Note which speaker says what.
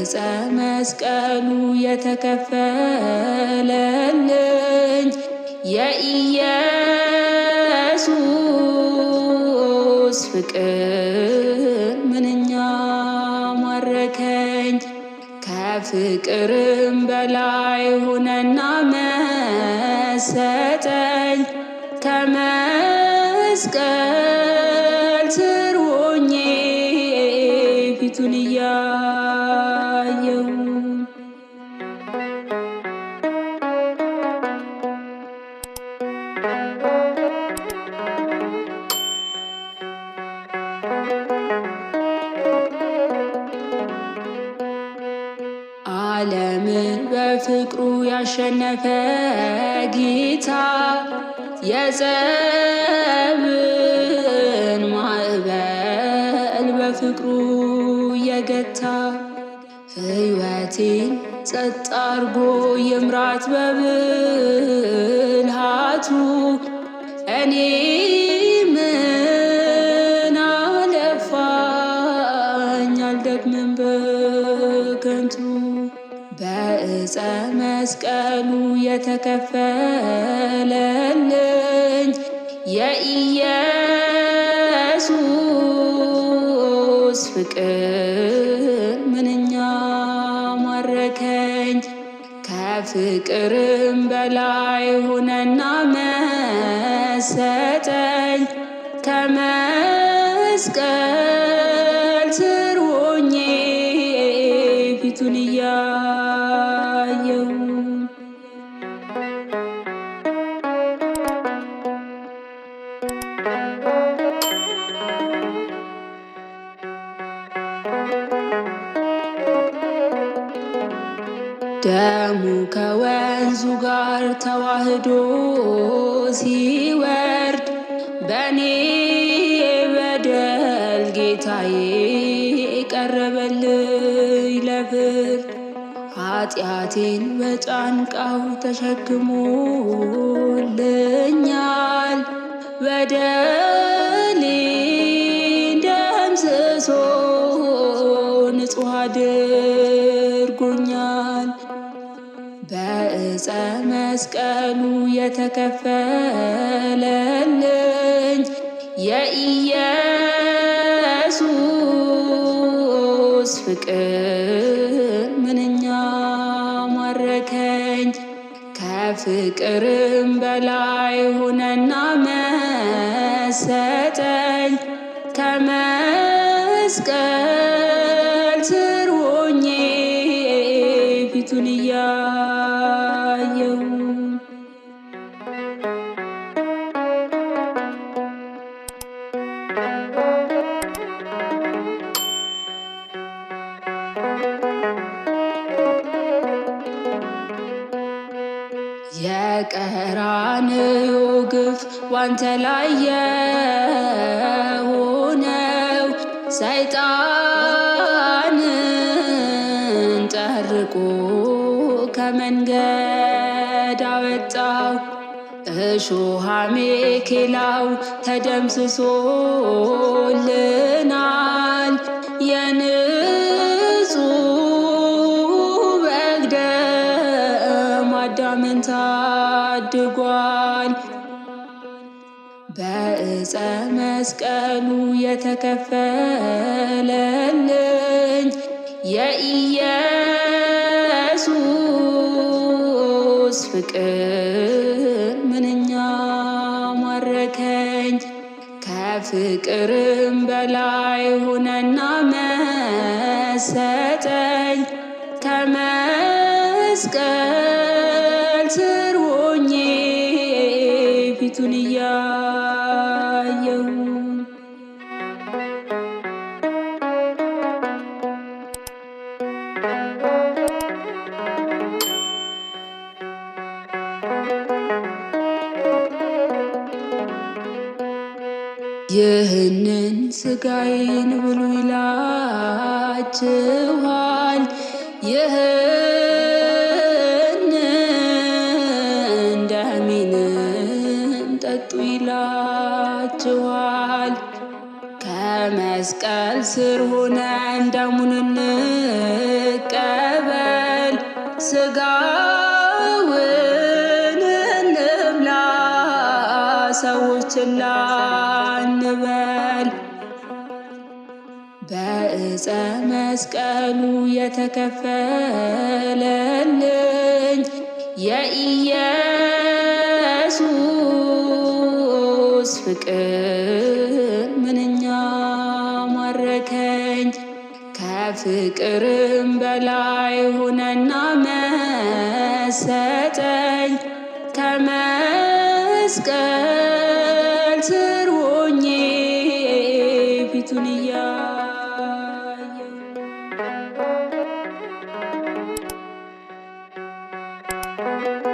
Speaker 1: ዕፀ መስቀሉ የተከፈለልኝ የኢየሱስ ፍቅር ምንኛ ማረከኝ። ከፍቅርም በላይ ሆነና መሰጠኝ ከመስቀል
Speaker 2: ዓለምን በፍቅሩ ያሸነፈ ጌታ የጸብን ማዕበል በፍቅሩ የገታ ሕይወቴን ጸጥ አርጎ የምራት በብልሃቱ እኔ
Speaker 1: መስቀሉ የተከፈለልኝ የኢየሱስ ፍቅር ምንኛ ማረከኝ። ከፍቅርም በላይ ሆነና መሰጠኝ ከመስቀል
Speaker 2: ደሙ ከወንዙ ጋር ተዋህዶ ሲወርድ በእኔ በደል ጌታዬ ቀረበልኝ ለፍርድ። ኃጢአቴን በጫንቃው ተሸክሞልኛል በደ
Speaker 1: በመስቀሉ የተከፈለን ልጅ የኢየሱስ ፍቅር ምንኛ ማረከኝ። ከፍቅርም በላይ ሆነና መሰጠኝ ከመስቀል ስር ሆኜ ፊቱን እያየሁ
Speaker 2: የቀራንዮ ግፍ ዋንተ ላይ የሆነው ሰይጣንን ጠርቆ ከመንገድ አወጣው። እሾሃሜ ኬላው ተደምስሶል
Speaker 1: በእፀ መስቀሉ የተከፈለልኝ የኢየሱስ ፍቅር ምንኛ ማረከኝ። ከፍቅርም በላይ ሆነና መሰጠኝ ከመስቀል ስር ሆኜ ፊቱን
Speaker 2: ይህንን ስጋዬን ብሉ ይላችኋል። ይህንን ደሜንም ጠጡ ይላችኋል። ከመስቀል ስር ሆነን ደሙን እንቀበል ስጋ ችላ እንበል።
Speaker 1: በእፀ መስቀሉ የተከፈለልኝ የኢየሱስ ፍቅር ምንኛ ማረከኝ። ከፍቅርም በላይ ሆነና መሰጠኝ ከመስቀል ስር ሆኜ ፊቱን እያየ